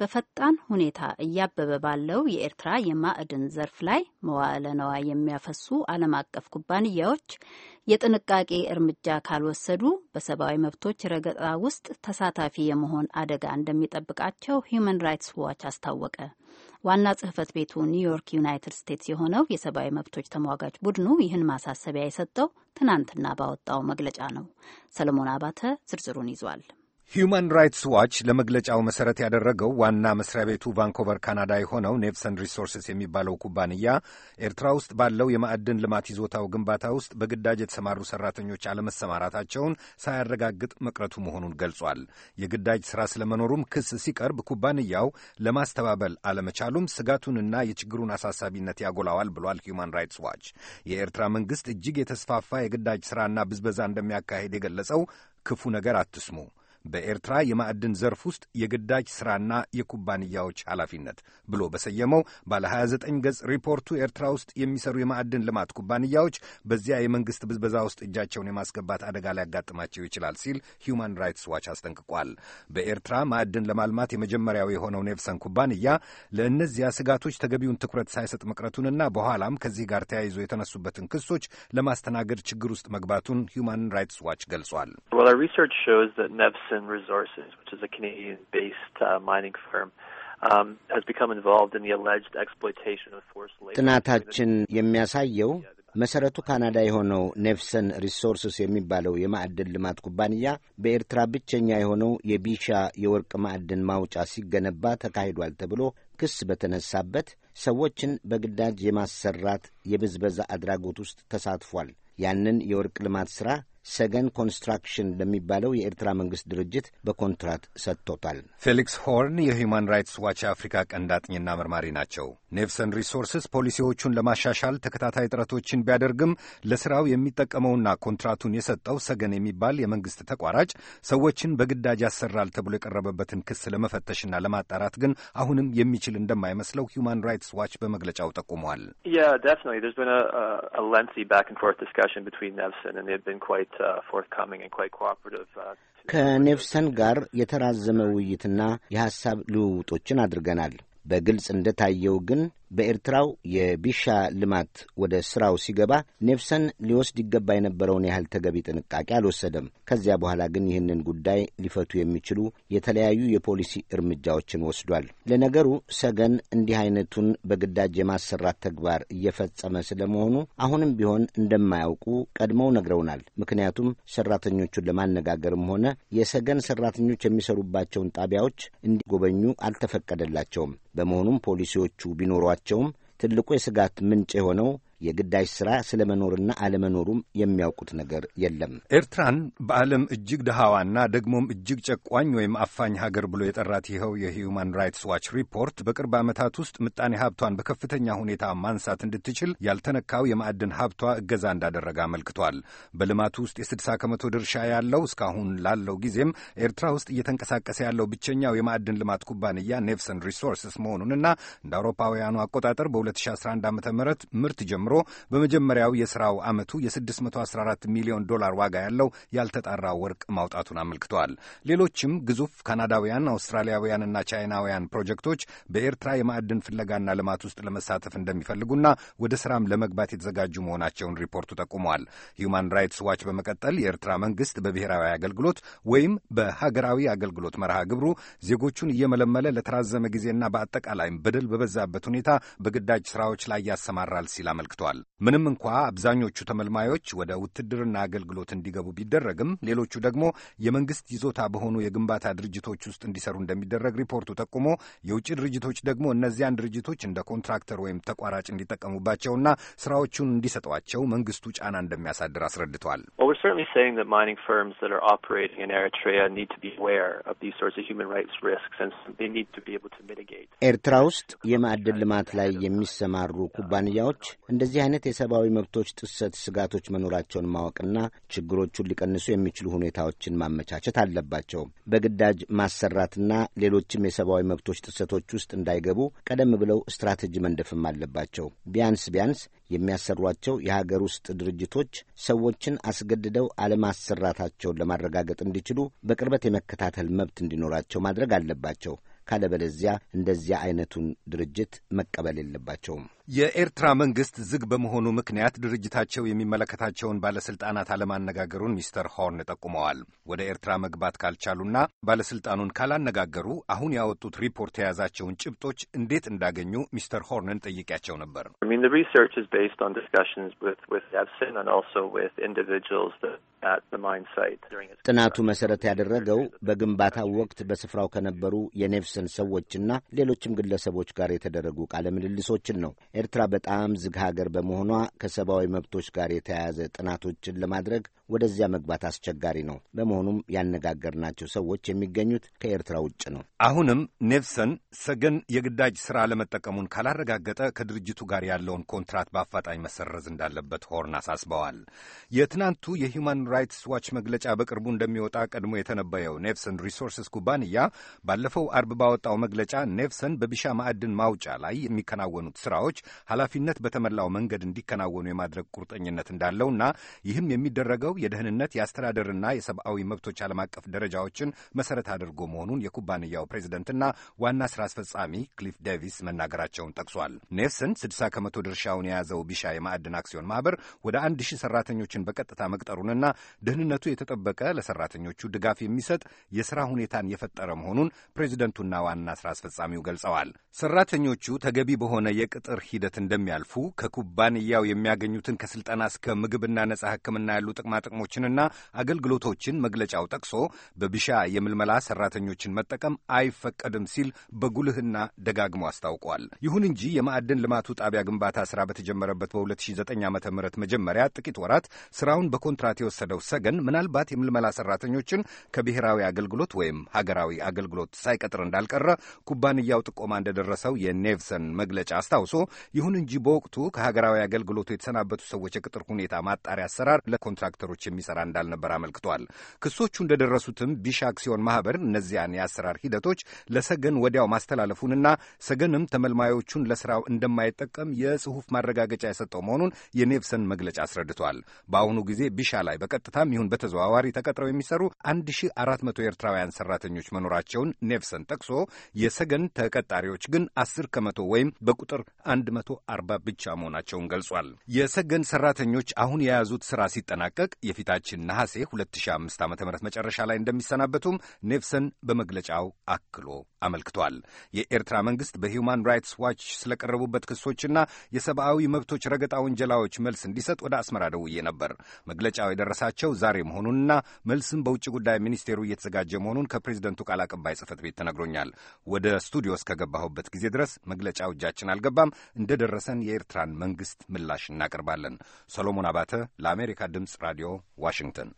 በፈጣን ሁኔታ እያበበ ባለው የኤርትራ የማዕድን ዘርፍ ላይ መዋዕለ ነዋይ የሚያፈሱ ዓለም አቀፍ ኩባንያዎች የጥንቃቄ እርምጃ ካልወሰዱ በሰብአዊ መብቶች ረገጣ ውስጥ ተሳታፊ የመሆን አደጋ እንደሚጠብቃቸው ሂዩማን ራይትስ ዋች አስታወቀ። ዋና ጽህፈት ቤቱ ኒውዮርክ ዩናይትድ ስቴትስ የሆነው የሰብአዊ መብቶች ተሟጋች ቡድኑ ይህን ማሳሰቢያ የሰጠው ትናንትና ባወጣው መግለጫ ነው። ሰለሞን አባተ ዝርዝሩን ይዟል። ሂዩማን ራይትስ ዋች ለመግለጫው መሰረት ያደረገው ዋና መስሪያ ቤቱ ቫንኮቨር ካናዳ የሆነው ኔፕሰን ሪሶርስስ የሚባለው ኩባንያ ኤርትራ ውስጥ ባለው የማዕድን ልማት ይዞታው ግንባታ ውስጥ በግዳጅ የተሰማሩ ሰራተኞች አለመሰማራታቸውን ሳያረጋግጥ መቅረቱ መሆኑን ገልጿል። የግዳጅ ስራ ስለመኖሩም ክስ ሲቀርብ ኩባንያው ለማስተባበል አለመቻሉም ስጋቱንና የችግሩን አሳሳቢነት ያጎላዋል ብሏል። ሁማን ራይትስ ዋች የኤርትራ መንግስት እጅግ የተስፋፋ የግዳጅ ሥራና ብዝበዛ እንደሚያካሄድ የገለጸው ክፉ ነገር አትስሙ በኤርትራ የማዕድን ዘርፍ ውስጥ የግዳጅ ሥራና የኩባንያዎች ኃላፊነት ብሎ በሰየመው ባለ 29 ገጽ ሪፖርቱ ኤርትራ ውስጥ የሚሰሩ የማዕድን ልማት ኩባንያዎች በዚያ የመንግሥት ብዝበዛ ውስጥ እጃቸውን የማስገባት አደጋ ሊያጋጥማቸው ይችላል ሲል ሂዩማን ራይትስ ዋች አስጠንቅቋል። በኤርትራ ማዕድን ለማልማት የመጀመሪያው የሆነው ኔፍሰን ኩባንያ ለእነዚያ ስጋቶች ተገቢውን ትኩረት ሳይሰጥ መቅረቱንና በኋላም ከዚህ ጋር ተያይዞ የተነሱበትን ክሶች ለማስተናገድ ችግር ውስጥ መግባቱን ሂዩማን ራይትስ ዋች ገልጿል። Gibson Resources, which is a Canadian-based uh, mining firm. Um, ጥናታችን የሚያሳየው መሰረቱ ካናዳ የሆነው ኔፍሰን ሪሶርስስ የሚባለው የማዕድን ልማት ኩባንያ በኤርትራ ብቸኛ የሆነው የቢሻ የወርቅ ማዕድን ማውጫ ሲገነባ ተካሂዷል ተብሎ ክስ በተነሳበት ሰዎችን በግዳጅ የማሰራት የብዝበዛ አድራጎት ውስጥ ተሳትፏል። ያንን የወርቅ ልማት ሥራ ሰገን ኮንስትራክሽን ለሚባለው የኤርትራ መንግስት ድርጅት በኮንትራት ሰጥቶታል። ፌሊክስ ሆርን የሂውማን ራይትስ ዋች የአፍሪካ ቀንድ አጥኚና መርማሪ ናቸው። ኔፍሰን ሪሶርስስ ፖሊሲዎቹን ለማሻሻል ተከታታይ ጥረቶችን ቢያደርግም ለስራው የሚጠቀመውና ኮንትራቱን የሰጠው ሰገን የሚባል የመንግስት ተቋራጭ ሰዎችን በግዳጅ ያሰራል ተብሎ የቀረበበትን ክስ ለመፈተሽና ለማጣራት ግን አሁንም የሚችል እንደማይመስለው ሂውማን ራይትስ ዋች በመግለጫው ጠቁመዋል። Uh, uh, ከኔፍሰን ጋር uh, የተራዘመ ውይይትና የሐሳብ ልውውጦችን አድርገናል። በግልጽ እንደታየው ግን በኤርትራው የቢሻ ልማት ወደ ስራው ሲገባ ኔፍሰን ሊወስድ ይገባ የነበረውን ያህል ተገቢ ጥንቃቄ አልወሰደም። ከዚያ በኋላ ግን ይህንን ጉዳይ ሊፈቱ የሚችሉ የተለያዩ የፖሊሲ እርምጃዎችን ወስዷል። ለነገሩ ሰገን እንዲህ አይነቱን በግዳጅ የማሰራት ተግባር እየፈጸመ ስለመሆኑ አሁንም ቢሆን እንደማያውቁ ቀድመው ነግረውናል። ምክንያቱም ሰራተኞቹን ለማነጋገርም ሆነ የሰገን ሰራተኞች የሚሰሩባቸውን ጣቢያዎች እንዲጎበኙ አልተፈቀደላቸውም። በመሆኑም ፖሊሲዎቹ ቢኖሯቸው በመሆናቸውም ትልቁ የስጋት ምንጭ የሆነው የግዳጅ ሥራ ስለ መኖርና አለመኖሩም የሚያውቁት ነገር የለም። ኤርትራን በዓለም እጅግ ድሃዋና ደግሞም እጅግ ጨቋኝ ወይም አፋኝ ሀገር ብሎ የጠራት ይኸው የሂዩማን ራይትስ ዋች ሪፖርት በቅርብ ዓመታት ውስጥ ምጣኔ ሀብቷን በከፍተኛ ሁኔታ ማንሳት እንድትችል ያልተነካው የማዕድን ሀብቷ እገዛ እንዳደረገ አመልክቷል። በልማቱ ውስጥ የስድሳ ከመቶ ድርሻ ያለው እስካሁን ላለው ጊዜም ኤርትራ ውስጥ እየተንቀሳቀሰ ያለው ብቸኛው የማዕድን ልማት ኩባንያ ኔፍሰን ሪሶርስስ መሆኑንና እንደ አውሮፓውያኑ አቆጣጠር በ2011 ዓ ም ምርት ጀምሮ ጨምሮ በመጀመሪያው የሥራው ዓመቱ የ614 ሚሊዮን ዶላር ዋጋ ያለው ያልተጣራ ወርቅ ማውጣቱን አመልክተዋል። ሌሎችም ግዙፍ ካናዳውያን፣ አውስትራሊያውያንና ቻይናውያን ፕሮጀክቶች በኤርትራ የማዕድን ፍለጋና ልማት ውስጥ ለመሳተፍ እንደሚፈልጉና ወደ ሥራም ለመግባት የተዘጋጁ መሆናቸውን ሪፖርቱ ጠቁመዋል። ሂውማን ራይትስ ዋች በመቀጠል የኤርትራ መንግሥት በብሔራዊ አገልግሎት ወይም በሀገራዊ አገልግሎት መርሃ ግብሩ ዜጎቹን እየመለመለ ለተራዘመ ጊዜና በአጠቃላይም በደል በበዛበት ሁኔታ በግዳጅ ሥራዎች ላይ ያሰማራል ሲል አመልክቷል። ተመልክቷል። ምንም እንኳ አብዛኞቹ ተመልማዮች ወደ ውትድርና አገልግሎት እንዲገቡ ቢደረግም፣ ሌሎቹ ደግሞ የመንግስት ይዞታ በሆኑ የግንባታ ድርጅቶች ውስጥ እንዲሰሩ እንደሚደረግ ሪፖርቱ ጠቁሞ የውጭ ድርጅቶች ደግሞ እነዚያን ድርጅቶች እንደ ኮንትራክተር ወይም ተቋራጭ እንዲጠቀሙባቸውና ስራዎቹን እንዲሰጧቸው መንግስቱ ጫና እንደሚያሳድር አስረድቷል። ኤርትራ ውስጥ የማዕድን ልማት ላይ የሚሰማሩ ኩባንያዎች እንደ ለዚህ አይነት የሰብአዊ መብቶች ጥሰት ስጋቶች መኖራቸውን ማወቅና ችግሮቹን ሊቀንሱ የሚችሉ ሁኔታዎችን ማመቻቸት አለባቸው። በግዳጅ ማሰራትና ሌሎችም የሰብአዊ መብቶች ጥሰቶች ውስጥ እንዳይገቡ ቀደም ብለው ስትራቴጂ መንደፍም አለባቸው። ቢያንስ ቢያንስ የሚያሰሯቸው የሀገር ውስጥ ድርጅቶች ሰዎችን አስገድደው አለማሰራታቸውን ለማረጋገጥ እንዲችሉ በቅርበት የመከታተል መብት እንዲኖራቸው ማድረግ አለባቸው። ካለበለዚያ እንደዚያ አይነቱን ድርጅት መቀበል የለባቸውም። የኤርትራ መንግስት ዝግ በመሆኑ ምክንያት ድርጅታቸው የሚመለከታቸውን ባለስልጣናት አለማነጋገሩን ሚስተር ሆርን ጠቁመዋል። ወደ ኤርትራ መግባት ካልቻሉና ባለስልጣኑን ካላነጋገሩ አሁን ያወጡት ሪፖርት የያዛቸውን ጭብጦች እንዴት እንዳገኙ ሚስተር ሆርንን ጠይቄያቸው ነበር። ጥናቱ መሰረት ያደረገው በግንባታው ወቅት በስፍራው ከነበሩ የኔቭሰን ሰዎችና ሌሎችም ግለሰቦች ጋር የተደረጉ ቃለ ምልልሶችን ነው። ኤርትራ በጣም ዝግ ሀገር በመሆኗ ከሰብአዊ መብቶች ጋር የተያያዘ ጥናቶችን ለማድረግ ወደዚያ መግባት አስቸጋሪ ነው። በመሆኑም ያነጋገርናቸው ሰዎች የሚገኙት ከኤርትራ ውጭ ነው። አሁንም ኔቭሰን ሰገን የግዳጅ ሥራ ለመጠቀሙን ካላረጋገጠ ከድርጅቱ ጋር ያለውን ኮንትራት በአፋጣኝ መሰረዝ እንዳለበት ሆርን አሳስበዋል። የትናንቱ የሂውማን ራይትስ ዋች መግለጫ በቅርቡ እንደሚወጣ ቀድሞ የተነበየው ኔቭሰን ሪሶርስስ ኩባንያ ባለፈው አርብ ባወጣው መግለጫ ኔቭሰን በቢሻ ማዕድን ማውጫ ላይ የሚከናወኑት ሥራዎች ኃላፊነት በተመላው መንገድ እንዲከናወኑ የማድረግ ቁርጠኝነት እንዳለውና ይህም የሚደረገው የደህንነት የአስተዳደርና የሰብአዊ መብቶች ዓለም አቀፍ ደረጃዎችን መሰረት አድርጎ መሆኑን የኩባንያው ፕሬዚደንትና ዋና ስራ አስፈጻሚ ክሊፍ ዴቪስ መናገራቸውን ጠቅሷል። ኔልሰን 60 ከመቶ ድርሻውን የያዘው ቢሻ የማዕድን አክሲዮን ማህበር ወደ አንድ ሺህ ሰራተኞችን በቀጥታ መቅጠሩንና ደህንነቱ የተጠበቀ ለሰራተኞቹ ድጋፍ የሚሰጥ የስራ ሁኔታን የፈጠረ መሆኑን ፕሬዚደንቱና ዋና ስራ አስፈጻሚው ገልጸዋል። ሰራተኞቹ ተገቢ በሆነ የቅጥር ሂደት እንደሚያልፉ ከኩባንያው የሚያገኙትን ከስልጠና እስከ ምግብና ነጻ ሕክምና ያሉ ጥቅማጥቅሞችንና አገልግሎቶችን መግለጫው ጠቅሶ በብሻ የምልመላ ሰራተኞችን መጠቀም አይፈቀድም ሲል በጉልህና ደጋግሞ አስታውቋል። ይሁን እንጂ የማዕድን ልማቱ ጣቢያ ግንባታ ስራ በተጀመረበት በ2009 ዓ ም መጀመሪያ ጥቂት ወራት ስራውን በኮንትራት የወሰደው ሰገን ምናልባት የምልመላ ሰራተኞችን ከብሔራዊ አገልግሎት ወይም ሀገራዊ አገልግሎት ሳይቀጥር እንዳልቀረ ኩባንያው ጥቆማ እንደደረሰው የኔቭሰን መግለጫ አስታውሶ ይሁን እንጂ በወቅቱ ከሀገራዊ አገልግሎቱ የተሰናበቱ ሰዎች የቅጥር ሁኔታ ማጣሪያ አሰራር ለኮንትራክተሮች የሚሰራ እንዳልነበር አመልክቷል። ክሶቹ እንደደረሱትም ቢሻ አክሲዮን ማህበር እነዚያን የአሰራር ሂደቶች ለሰገን ወዲያው ማስተላለፉንና ሰገንም ተመልማዮቹን ለስራው እንደማይጠቀም የጽሁፍ ማረጋገጫ የሰጠው መሆኑን የኔቭሰን መግለጫ አስረድቷል። በአሁኑ ጊዜ ቢሻ ላይ በቀጥታም ይሁን በተዘዋዋሪ ተቀጥረው የሚሰሩ 1400 ኤርትራውያን ሰራተኞች መኖራቸውን ኔቭሰን ጠቅሶ የሰገን ተቀጣሪዎች ግን 10 ከመቶ ወይም በቁጥር 140 ብቻ መሆናቸውን ገልጿል። የሰገን ሰራተኞች አሁን የያዙት ስራ ሲጠናቀቅ የፊታችን ነሐሴ 2005 ዓ ም መጨረሻ ላይ እንደሚሰናበቱም ኔፍሰን በመግለጫው አክሎ አመልክቷል። የኤርትራ መንግስት በሂውማን ራይትስ ዋች ስለቀረቡበት ክሶችና የሰብአዊ መብቶች ረገጣ ወንጀላዎች መልስ እንዲሰጥ ወደ አስመራ ደውዬ ነበር። መግለጫው የደረሳቸው ዛሬ መሆኑንና መልስም በውጭ ጉዳይ ሚኒስቴሩ እየተዘጋጀ መሆኑን ከፕሬዚደንቱ ቃል አቀባይ ጽህፈት ቤት ተነግሮኛል። ወደ ስቱዲዮ እስከገባሁበት ጊዜ ድረስ መግለጫው እጃችን አልገባም። እንደደረሰን የኤርትራን መንግሥት ምላሽ እናቀርባለን። ሰሎሞን አባተ ለአሜሪካ ድምፅ ራዲዮ ዋሽንግተን